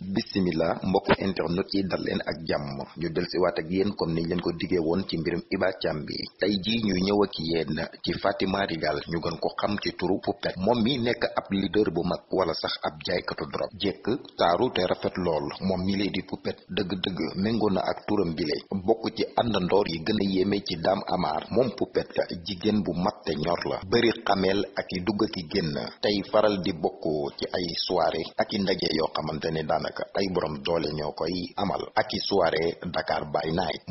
bisimila mbokk internet yi dal leen ak jàmm ñu del waat ak yéen comme ni leen ko digee woon ci mbirum Hiba Thiam bi tey jii ñuy ñëw ak yéen ci Fatima Rigal ñu gën ko xam ci turu Poupette moom mi nekk ab leader bu mag wala sax ab jaaykatu drogue jekk taaru te rafet lool moom mi lay di Poupette dëgg-dëgg méngoo na ak turam bile bokk ci àndandoor yi gën a yéeme ci Dame Amar moom Poupette la jigéen bu mat te ñor la bëri xameel ak i dugg ak i génn tey faral di bokk ci ay soirée ak i ndaje yoo xamante ne daan daanaka ay boroom doole ñoo koy amal ak i soirée Dakar by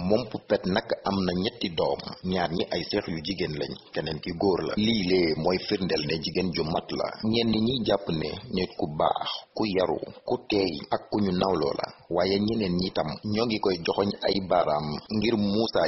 moom Poupette nag am na ñetti doom ñaar ñi ay seex yu jigéen lañ keneen ki góor la lii lee mooy firndeel ne jigéen ju mat la ñenn ñi jàpp ne nit ku baax ku yaru ku teey ak ku ñu nawloo la waaye ñeneen ñi tam ñoo ngi koy joxoñ ay baaraam ngir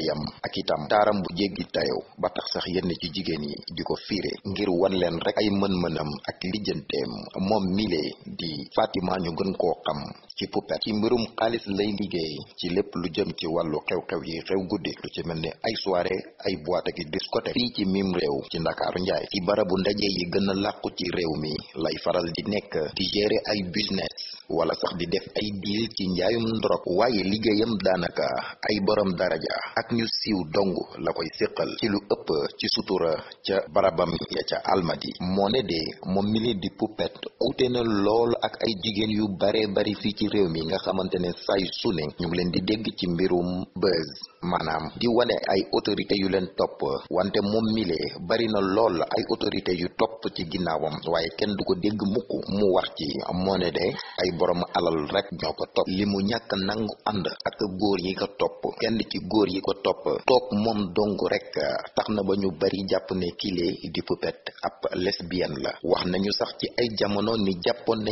yam ak itam taaram bu jéggi tayow ba tax sax yenn ci jigéen yi di ko fiire ngir wan leen rek ay mën-mënam ak lijjanteem moom milee di Fatima ñu gën koo xam ci poupette ci mbirum xaalis lay liggéey ci lépp lu jëm ci wàllu xew-xew yi xew guddi lu ci mel ni ay soirée ay boîte ak discothèque fii ci mim réew ci ndakaaru njaay ci barabu ndaje yi gën a làqu ci réew mi lay faral di nekk di gérer ay business wala sax di def ay deal ci njaayum ndorog waaye liggéeyam daanaka ay borom daraja ak ñu siiw dong la koy séqal ci lu ëpp ci sutura ca barabam ya ca almadi moo ne de moom mi di lool ak ay jigéen yu bare bari fii ci réew mi nga xamante ne say su ne ñu ngi leen di dégg ci mbirum buzz maanaam di wane ay autorité yu leen topp wante moom milee bari na lool ay autorité yu topp ci ginnaawam waaye kenn du ko dégg mukk mu wax ci moo ne de ay borom alal rek ñoo ko topp li mu ñàkk nangu ànd ak góor yi ko topp kenn ci góor yi ko topp toog moom dong rek tax na ba ñu bari jàpp ne kile di poupette ab lesbienne la wax nañu sax ci ay jamono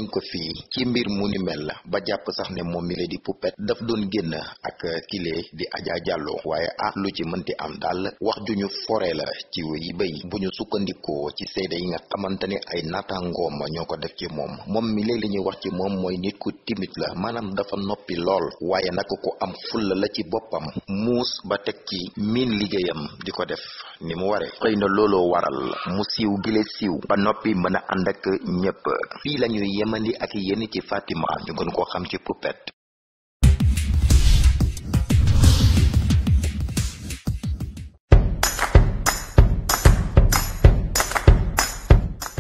nañ ko fii ci mbir mu ni mel ba jàpp sax ne moom mi la di poupette daf doon génn ak kile di Adja jàlloo waaye ah lu ci mënti am dal wax ju ñu fore la ci wéyi béy bu ñu sukkandikoo ci seede yi nga xamante ne ay naataangoom ñoo ko def ci moom moom mi léeg li ñuy wax ci moom mooy nit ku timide la maanaam dafa noppi lool waaye nag ko am fulla la ci boppam muus ba teg ci miin liggéeyam di ko def ni mu waree xëy na looloo waral mu siiw gile siiw ba noppi mën a ànd Mali ak yenn ci Fatima ñu koo xam ci poupette